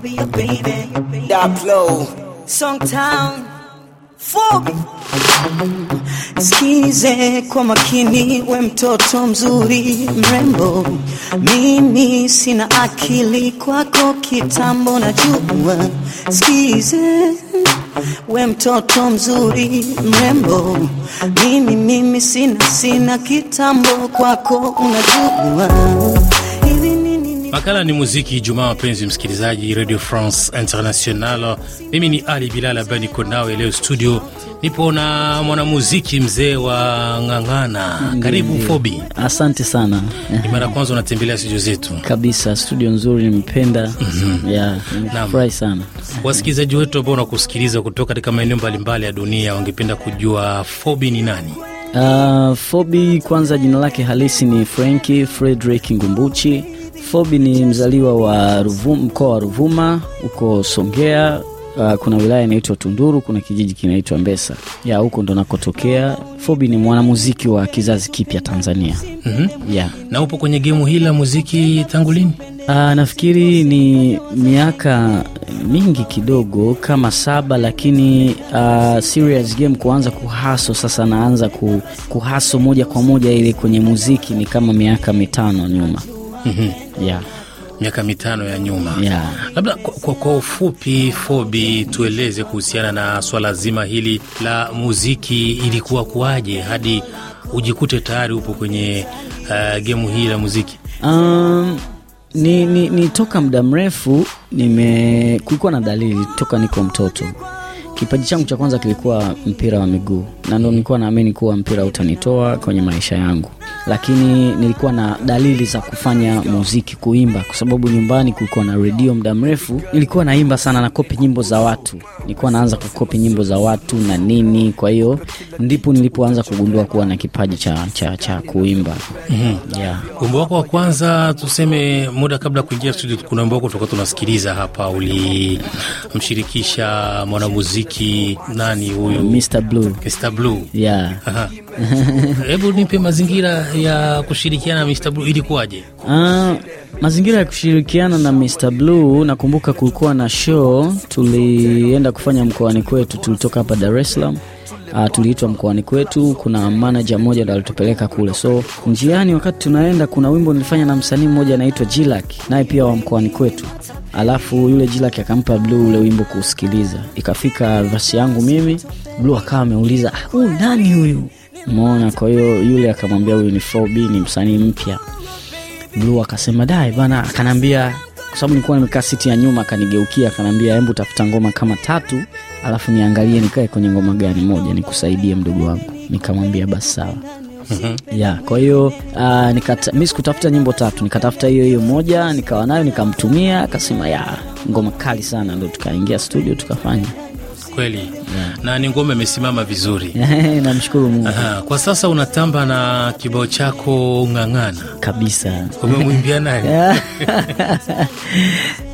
be your baby. That flow. Songtown. Sikize kwa makini, we mtoto mzuri mrembo, mimi sina akili kwako kitambo najua. Sikize we mtoto mzuri mrembo, mimi mimi sina sina kitambo kwako unajua Makala ni muziki Ijumaa, wapenzi msikilizaji Radio France International. Mimi ni Ali Bilal ambaye niko nawe leo studio, nipo na mwanamuziki mzee wa Ng'ang'ana. Karibu Fobi. Asante sana. Ni mara kwanza unatembelea studio zetu? Kabisa, studio nzuri, nimependa. Mhm. Yeah, nimefurahi sana. Wasikilizaji wetu ambao wanakusikiliza kutoka katika maeneo mbalimbali ya dunia wangependa kujua Fobi ni nani? Uh, Fobi kwanza, jina lake halisi ni Frenki Frederick Ngumbuchi Fobi ni mzaliwa wa mkoa wa Ruvuma huko Songea. Uh, kuna wilaya inaitwa Tunduru, kuna kijiji kinaitwa Mbesa ya huko ndo nakotokea. Fobi ni mwanamuziki wa kizazi kipya Tanzania. mm -hmm. ya na upo kwenye gemu hii la muziki tangu lini? Uh, nafikiri ni miaka mingi kidogo kama saba, lakini uh, serious game kuanza kuhaso sasa, naanza kuhaso moja kwa moja ile kwenye muziki ni kama miaka mitano nyuma. Mhm. miaka mitano ya nyuma yeah. Labda kwa, kwa, kwa ufupi Fobi, tueleze kuhusiana na swala zima hili la muziki, ilikuwa kuwaje hadi ujikute tayari upo kwenye uh, gemu hii la muziki? Um, ni, ni, ni toka muda mrefu nime kulikuwa na dalili toka niko mtoto Kipaji changu cha kwanza kilikuwa mpira wa miguu, na ndo nilikuwa naamini kuwa mpira utanitoa kwenye maisha yangu, lakini nilikuwa na dalili za kufanya muziki, kuimba, kwa sababu nyumbani kulikuwa na redio. Muda mrefu nilikuwa naimba sana, nakopi nyimbo za watu, nilikuwa naanza kukopi nyimbo za watu na nini. Kwa hiyo ndipo nilipoanza kugundua kuwa na kipaji cha, cha, cha kuimba. mm -hmm. yeah. umbo wako wa kwanza, tuseme muda kabla kuingia studio, kuna mbo wako tunasikiliza hapa, ulimshirikisha mwanamuziki kumiliki nani huyu Mr. Blue. Mr. Blue. Yeah. Hebu nipe mazingira ya kushirikiana na Mr. Blue ilikuwaje? Uh, mazingira ya kushirikiana na Mr. Blue nakumbuka kulikuwa na show tulienda kufanya mkoani kwetu, tulitoka hapa Dar es Salaam. Uh, tuliitwa mkoani kwetu, kuna manager mmoja ndo alitupeleka kule. So njiani, wakati tunaenda, kuna wimbo nilifanya na msanii mmoja anaitwa Jilak, naye pia wa mkoani kwetu alafu yule Jilak akampa Bluu ule wimbo kuusikiliza. Ikafika vasi yangu mimi, Bluu akawa ameuliza ah, huyu nani huyu, mona Kwa hiyo yule akamwambia huyu ni 4 ni msanii mpya. Bluu akasema dae bana, akanaambia kwa sababu nilikuwa nimekaa siti ya nyuma, akanigeukia akanambia, embu tafuta ngoma kama tatu alafu niangalie nikae kwenye ngoma gani moja nikusaidie mdogo wangu. Nikamwambia basi sawa. Mhm. ya kwa hiyo uh, mi sikutafuta nyimbo tatu, nikatafuta hiyo hiyo moja nikawa nayo nikamtumia, akasema ya ngoma kali sana, ndo tukaingia studio tukafanya kweli yeah. na ni ngoma imesimama vizuri namshukuru Mungu. Aha, kwa sasa unatamba na kibao chako ng'ang'ana kabisa. umemwimbia nani?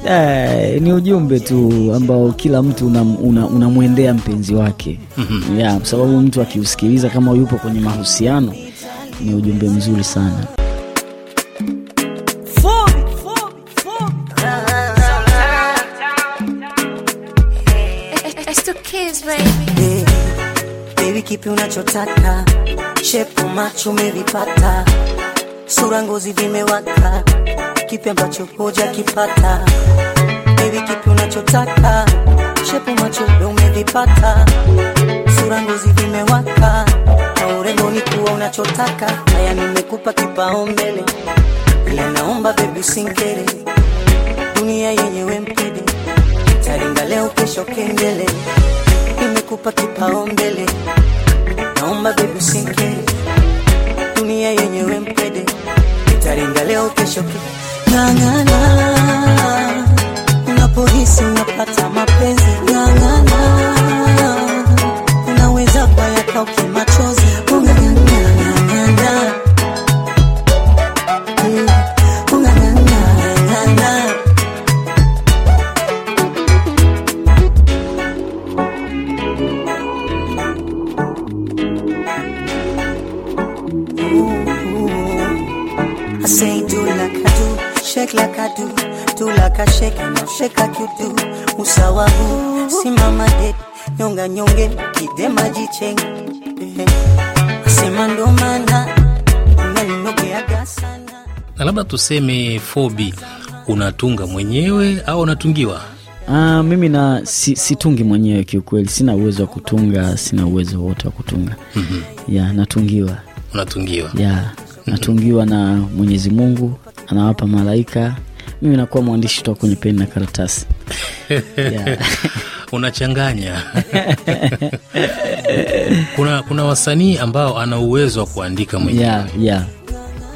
Yeah, eh, ni ujumbe tu ambao kila mtu unamwendea una, una mpenzi wake mm -hmm. yeah, kwa sababu mtu akiusikiliza kama yupo kwenye mahusiano ni ujumbe mzuri sana. Baby, kipi unachotaka? Shepu macho umevipata, sura ngozi vimewaka, kipi ambacho hoja kipata? Baby, kipi unachotaka? Shepu macho umevipata, sura ngozi vimewaka mkononi kuwa unachotaka. Haya, nimekupa mbele ila naomba bebi singere, dunia yenyewe mpidi taringa leo kesho kengele. Nimekupa mbele naomba bebi singere, dunia yenyewe mpidi taringa leo kesho ng'ang'ana, unapohisi unapata mapenzi ng'ang'ana, unaweza kuyakauki machozi tu tu la kitu tulakasheka naosheka kitu usawa huu simama de nyonga nyonge kidema jichenge eh, sema ndo maana unaninokeaga sana na labda tuseme fobi unatunga mwenyewe au unatungiwa Uh, mimi na si, situngi mwenyewe kiukweli, sina uwezo wa kutunga, sina uwezo wote wa kutunga. mm-hmm. ya yeah, natungiwa. Unatungiwa? ya yeah, natungiwa na Mwenyezi Mungu anawapa malaika mimi nakuwa mwandishi toka kwenye peni na karatasi unachanganya. kuna, kuna wasanii ambao ana uwezo wa kuandika mwenyewe yeah, yeah.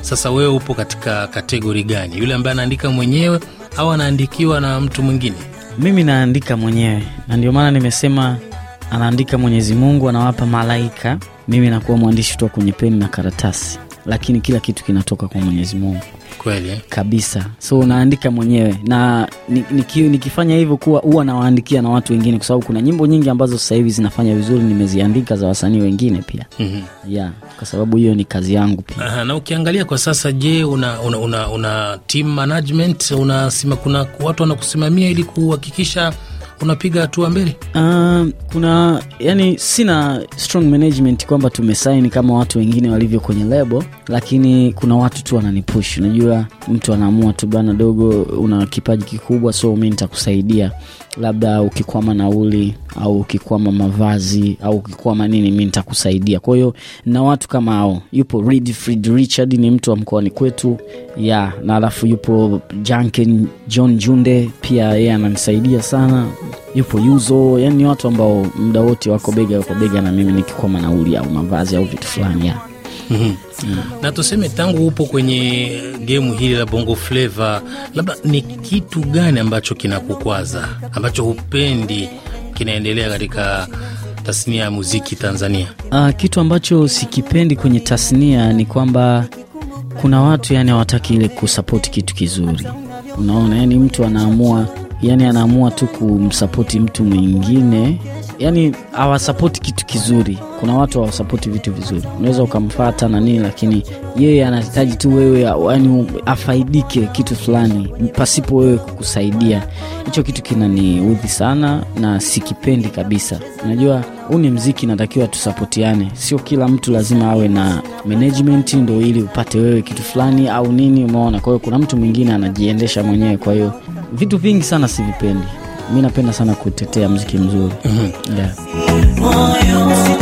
Sasa wewe upo katika kategori gani, yule ambaye anaandika mwenyewe au anaandikiwa na mtu mwingine? Mimi naandika mwenyewe, na ndio maana nimesema anaandika Mwenyezi Mungu, anawapa malaika. Mimi nakuwa mwandishi toka kwenye peni na karatasi, lakini kila kitu kinatoka kwa Mwenyezi Mungu kweli eh? kabisa so unaandika mwenyewe na nikifanya hivyo kuwa huwa nawaandikia na watu wengine kwa sababu kuna nyimbo nyingi ambazo sasa hivi zinafanya vizuri nimeziandika za wasanii wengine pia mm-hmm. yeah, kwa sababu hiyo ni kazi yangu pia Aha, na ukiangalia kwa sasa je una, una, una, una team management unasema kuna watu wanakusimamia ili kuhakikisha unapiga hatua mbele? Uh, um, kuna yani, sina strong management kwamba tumesain kama watu wengine walivyo kwenye lebo, lakini kuna watu tu wananipush. Unajua, mtu anaamua tu bana, dogo, una kipaji kikubwa, so mi nitakusaidia, labda ukikwama nauli au ukikwama mavazi au ukikwama nini, mi nitakusaidia. Kwa hiyo na watu kama hao, yupo Redfred Richard, ni mtu wa mkoani kwetu ya na alafu yupo Janken John Junde, pia yeye yeah, ananisaidia sana yupo Yuzo, yani ni watu ambao muda wote wako bega kwa bega na mimi nikikwama nauli au mavazi au vitu fulani ya mhm. Mm. na tuseme tangu upo kwenye gemu hili la bongo fleva labda ni kitu gani ambacho kinakukwaza ambacho hupendi kinaendelea katika tasnia ya muziki tanzania uh, kitu ambacho sikipendi kwenye tasnia ni kwamba kuna watu yani hawataki ile kusapoti kitu kizuri unaona yani mtu anaamua yani anaamua tu kumsapoti mtu mwingine yani hawasapoti kitu kizuri kuna watu hawasapoti vitu vizuri unaweza ukamfata na nini lakini yeye anahitaji tu wewe yani afaidike kitu fulani pasipo wewe kukusaidia hicho kitu kinaniudhi sana na sikipendi kabisa unajua huu ni mziki, natakiwa tusapotiane. Sio kila mtu lazima awe na management ndo ili upate wewe kitu fulani au nini, umeona. Kwa hiyo kuna mtu mwingine anajiendesha mwenyewe, kwa hiyo vitu vingi sana sivipendi. Mi napenda sana kutetea mziki mzuri. mm -hmm. yeah. Oh,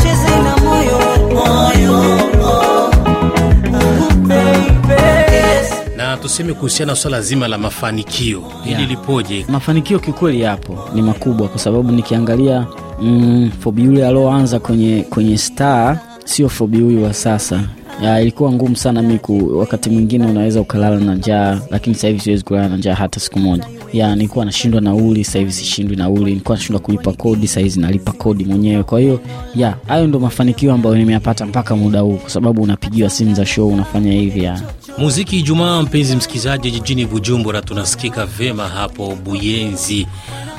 tuseme kuhusiana na swala zima la mafanikio hili yeah. lipoje? Mafanikio kiukweli yapo, ni makubwa, kwa sababu nikiangalia mm, Fobi yule alioanza kwenye, kwenye star sio Fobi huyu wa sasa ya, ilikuwa ngumu sana mi ku, wakati mwingine unaweza ukalala na njaa, lakini sasa hivi siwezi kulala na njaa hata siku moja. Ya, nilikuwa nashindwa nauli, sasa hivi sishindwi nauli. Nilikuwa nashindwa kulipa kodi, sasa hizi nalipa kodi mwenyewe. Kwa hiyo ya, hayo ndo mafanikio ambayo nimeyapata mpaka muda huu, kwa sababu unapigiwa simu za show, unafanya hivi ya muziki Ijumaa. Mpenzi msikilizaji, jijini Bujumbura tunasikika vema hapo Buyenzi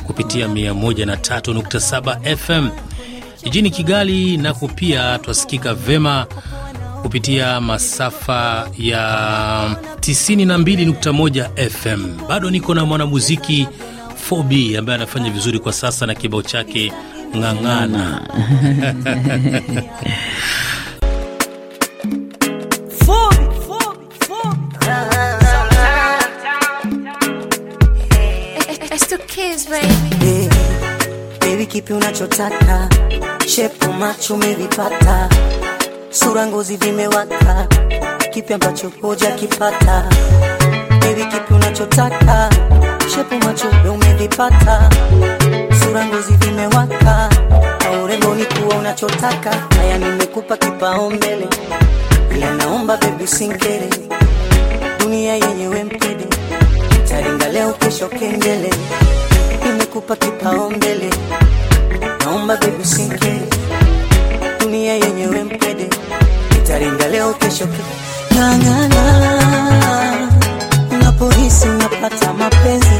kupitia 103.7 FM jijini Kigali, nako pia twasikika vema kupitia masafa ya 92.1 FM. Bado niko na mwanamuziki 4B ambaye anafanya vizuri kwa sasa na kibao chake ng'ang'ana kiss, baby. Baby, eh, baby kipi unachotaka? Shepu macho umevipata, sura ngozi vimewaka, kipi ambacho hoja kipata? Baby kipi unachotaka? Shepu macho umevipata, sura ngozi vimewaka, na urembo ni kuwa unachotaka. Haya, nimekupa kipaumbele, ila naomba baby singere, dunia yenyewe mpede, taringa leo kesho kengele nimekupa kipaumbele, naomba baby usingie, dunia yenyewe mpede, itaringa leo kesho. Ng'ang'ana unapohisi unapata mapenzi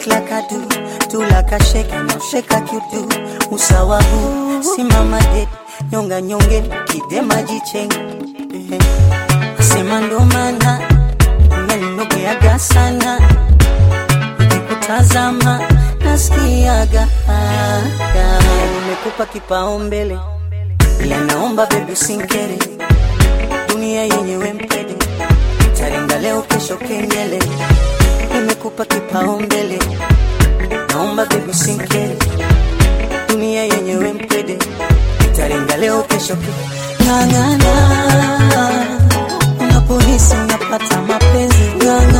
shake like I do, do like I shake and I'll shake like you do. Usawa huu simama dead, nyonga nyonge kidema jicheng. Eh, Sema ndo maana unaninogeaga sana, nikikutazama nasikiaga haya. Yaani nimekupa kipaumbele, ila naomba baby usinkere, dunia yenyewe mpede, taringa leo kesho kengele nimekupa kipaumbele, naomba baby usinikere, dunia yenyewe mpede italenga leo kesho. Ng'ang'ana unapohisi unapata mapenzi, ng'ang'ana